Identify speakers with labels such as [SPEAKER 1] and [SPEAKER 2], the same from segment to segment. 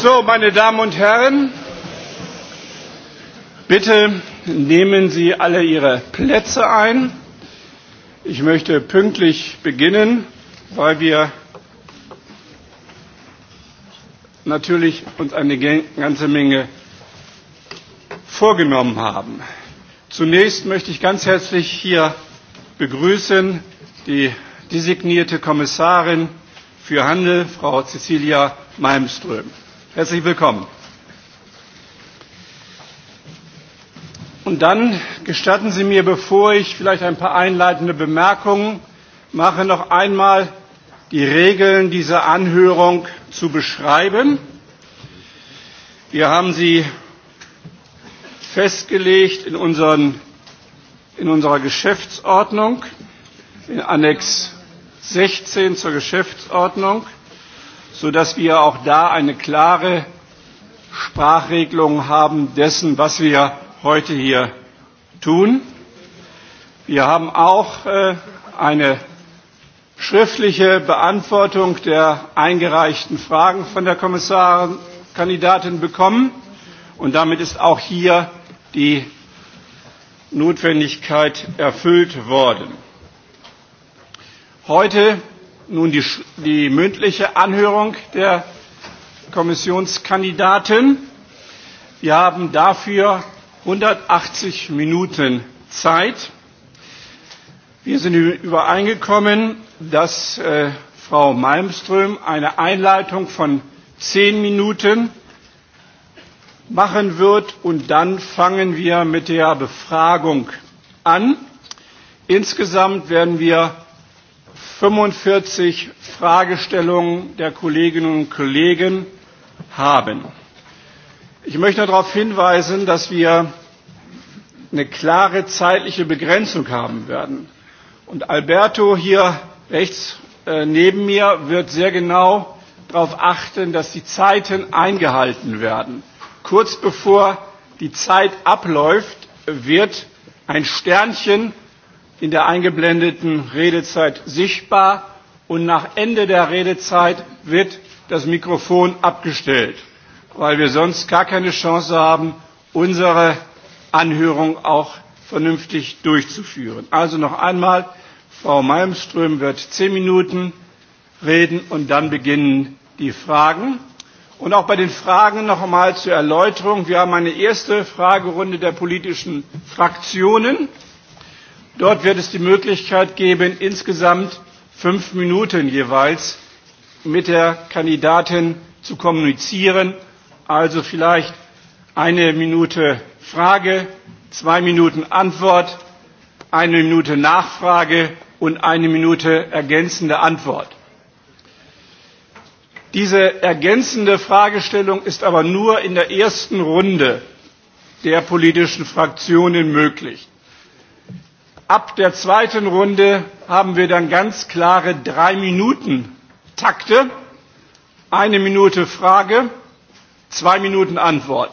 [SPEAKER 1] So, meine Damen und Herren, bitte nehmen Sie alle Ihre Plätze ein. Ich möchte pünktlich beginnen, weil wir natürlich uns eine ganze Menge vorgenommen haben. Zunächst möchte ich ganz herzlich hier begrüßen die designierte Kommissarin für Handel, Frau Cecilia Malmström. Herzlich willkommen. Und dann gestatten Sie mir, bevor ich vielleicht ein paar einleitende Bemerkungen mache, noch einmal die Regeln dieser Anhörung zu beschreiben. Wir haben sie festgelegt in, unseren, in unserer Geschäftsordnung, in Annex 16 zur Geschäftsordnung sodass wir auch da eine klare Sprachregelung haben dessen, was wir heute hier tun. Wir haben auch äh, eine schriftliche Beantwortung der eingereichten Fragen von der Kommissarkandidatin bekommen. Und damit ist auch hier die Notwendigkeit erfüllt worden. Heute nun die, die mündliche Anhörung der Kommissionskandidaten. Wir haben dafür 180 Minuten Zeit. Wir sind übereingekommen, dass äh, Frau Malmström eine Einleitung von zehn Minuten machen wird und dann fangen wir mit der Befragung an. Insgesamt werden wir 45 Fragestellungen der Kolleginnen und Kollegen haben. Ich möchte darauf hinweisen, dass wir eine klare zeitliche Begrenzung haben werden. Und Alberto hier rechts äh, neben mir wird sehr genau darauf achten, dass die Zeiten eingehalten werden. Kurz bevor die Zeit abläuft, wird ein Sternchen in der eingeblendeten Redezeit sichtbar und nach Ende der Redezeit wird das Mikrofon abgestellt, weil wir sonst gar keine Chance haben, unsere Anhörung auch vernünftig durchzuführen. Also noch einmal, Frau Malmström wird zehn Minuten reden und dann beginnen die Fragen. Und auch bei den Fragen noch einmal zur Erläuterung. Wir haben eine erste Fragerunde der politischen Fraktionen. Dort wird es die Möglichkeit geben, insgesamt fünf Minuten jeweils mit der Kandidatin zu kommunizieren. Also vielleicht eine Minute Frage, zwei Minuten Antwort, eine Minute Nachfrage und eine Minute ergänzende Antwort. Diese ergänzende Fragestellung ist aber nur in der ersten Runde der politischen Fraktionen möglich. Ab der zweiten Runde haben wir dann ganz klare drei Minuten Takte. Eine Minute Frage, zwei Minuten Antwort.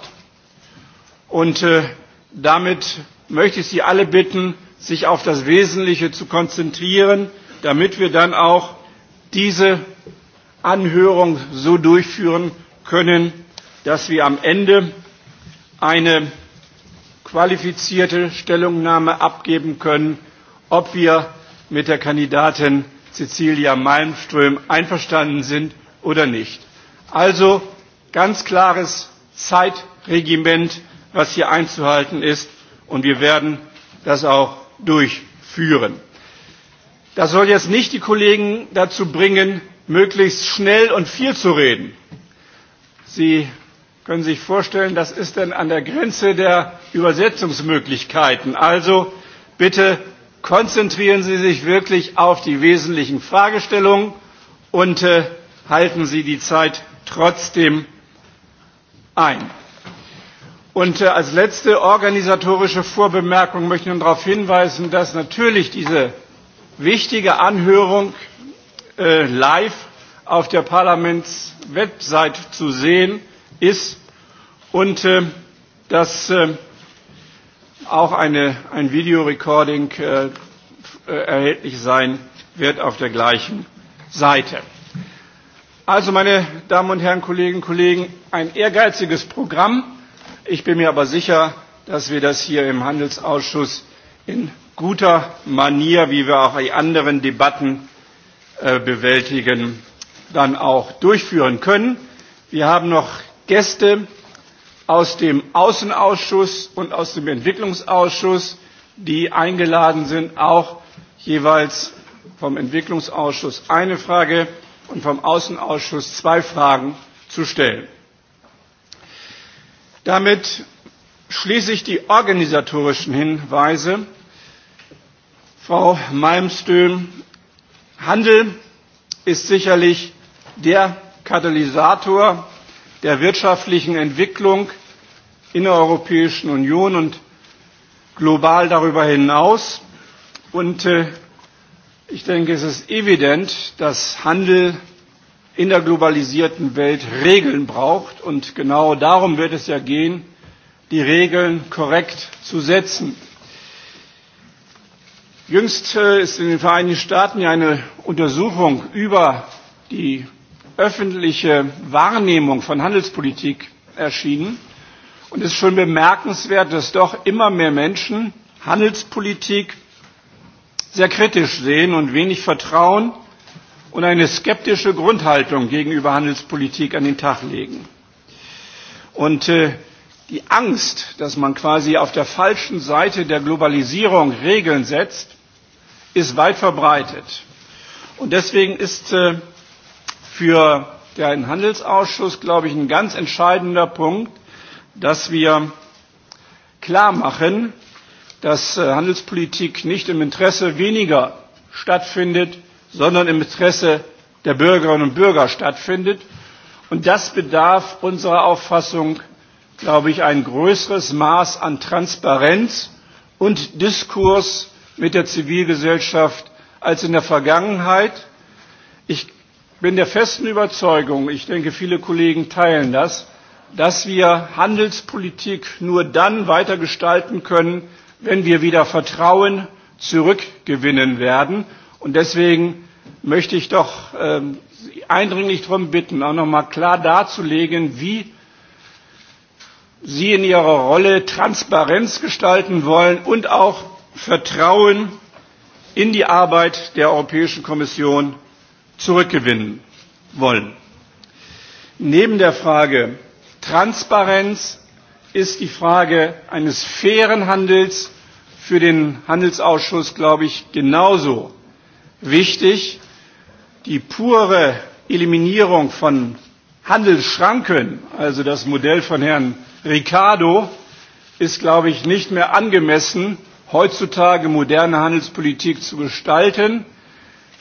[SPEAKER 1] Und äh, damit möchte ich Sie alle bitten, sich auf das Wesentliche zu konzentrieren, damit wir dann auch diese Anhörung so durchführen können, dass wir am Ende eine qualifizierte Stellungnahme abgeben können, ob wir mit der Kandidatin Cecilia Malmström einverstanden sind oder nicht. Also ganz klares Zeitregiment, was hier einzuhalten ist, und wir werden das auch durchführen. Das soll jetzt nicht die Kollegen dazu bringen, möglichst schnell und viel zu reden. Sie können Sie sich vorstellen, das ist denn an der Grenze der Übersetzungsmöglichkeiten. Also bitte konzentrieren Sie sich wirklich auf die wesentlichen Fragestellungen und äh, halten Sie die Zeit trotzdem ein. Und äh, als letzte organisatorische Vorbemerkung möchte ich nun darauf hinweisen, dass natürlich diese wichtige Anhörung äh, live auf der Parlamentswebsite zu sehen ist und äh, dass äh, auch eine, ein Videorecording äh, äh, erhältlich sein wird auf der gleichen Seite. Also, meine Damen und Herren, Kolleginnen und Kollegen, ein ehrgeiziges Programm. Ich bin mir aber sicher, dass wir das hier im Handelsausschuss in guter Manier, wie wir auch die anderen Debatten äh, bewältigen, dann auch durchführen können. Wir haben noch Gäste aus dem Außenausschuss und aus dem Entwicklungsausschuss, die eingeladen sind, auch jeweils vom Entwicklungsausschuss eine Frage und vom Außenausschuss zwei Fragen zu stellen. Damit schließe ich die organisatorischen Hinweise. Frau Malmström, Handel ist sicherlich der Katalysator der wirtschaftlichen Entwicklung in der Europäischen Union und global darüber hinaus. Und äh, ich denke, es ist evident, dass Handel in der globalisierten Welt Regeln braucht. Und genau darum wird es ja gehen, die Regeln korrekt zu setzen. Jüngst äh, ist in den Vereinigten Staaten ja eine Untersuchung über die öffentliche Wahrnehmung von Handelspolitik erschienen. Und es ist schon bemerkenswert, dass doch immer mehr Menschen Handelspolitik sehr kritisch sehen und wenig Vertrauen und eine skeptische Grundhaltung gegenüber Handelspolitik an den Tag legen. Und äh, die Angst, dass man quasi auf der falschen Seite der Globalisierung Regeln setzt, ist weit verbreitet. Und deswegen ist äh, für den Handelsausschuss, glaube ich, ein ganz entscheidender Punkt, dass wir klar machen, dass äh, Handelspolitik nicht im Interesse weniger stattfindet, sondern im Interesse der Bürgerinnen und Bürger stattfindet. Und das bedarf unserer Auffassung, glaube ich, ein größeres Maß an Transparenz und Diskurs mit der Zivilgesellschaft als in der Vergangenheit bin der festen Überzeugung, ich denke, viele Kollegen teilen das, dass wir Handelspolitik nur dann weiter gestalten können, wenn wir wieder Vertrauen zurückgewinnen werden. Und deswegen möchte ich doch äh, eindringlich darum bitten, auch nochmal klar darzulegen, wie Sie in Ihrer Rolle Transparenz gestalten wollen und auch Vertrauen in die Arbeit der Europäischen Kommission zurückgewinnen wollen. Neben der Frage Transparenz ist die Frage eines fairen Handels für den Handelsausschuss, glaube ich, genauso wichtig. Die pure Eliminierung von Handelsschranken, also das Modell von Herrn Ricardo, ist, glaube ich, nicht mehr angemessen, heutzutage moderne Handelspolitik zu gestalten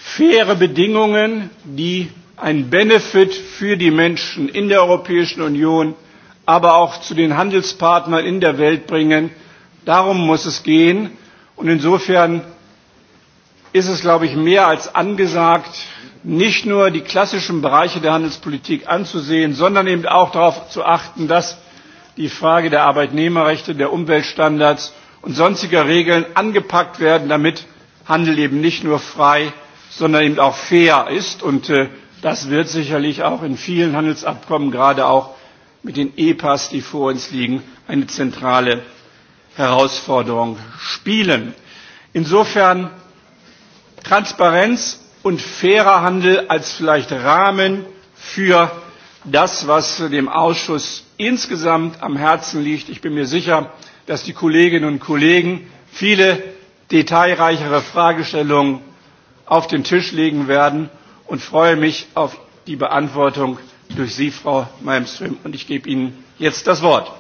[SPEAKER 1] faire Bedingungen, die ein Benefit für die Menschen in der Europäischen Union, aber auch zu den Handelspartnern in der Welt bringen. Darum muss es gehen. Und insofern ist es, glaube ich, mehr als angesagt, nicht nur die klassischen Bereiche der Handelspolitik anzusehen, sondern eben auch darauf zu achten, dass die Frage der Arbeitnehmerrechte, der Umweltstandards und sonstiger Regeln angepackt werden, damit Handel eben nicht nur frei sondern eben auch fair ist. Und äh, das wird sicherlich auch in vielen Handelsabkommen, gerade auch mit den EPAs, die vor uns liegen, eine zentrale Herausforderung spielen. Insofern Transparenz und fairer Handel als vielleicht Rahmen für das, was dem Ausschuss insgesamt am Herzen liegt. Ich bin mir sicher, dass die Kolleginnen und Kollegen viele detailreichere Fragestellungen auf den Tisch legen werden und freue mich auf die Beantwortung durch Sie, Frau Malmström. Und ich gebe Ihnen jetzt das Wort.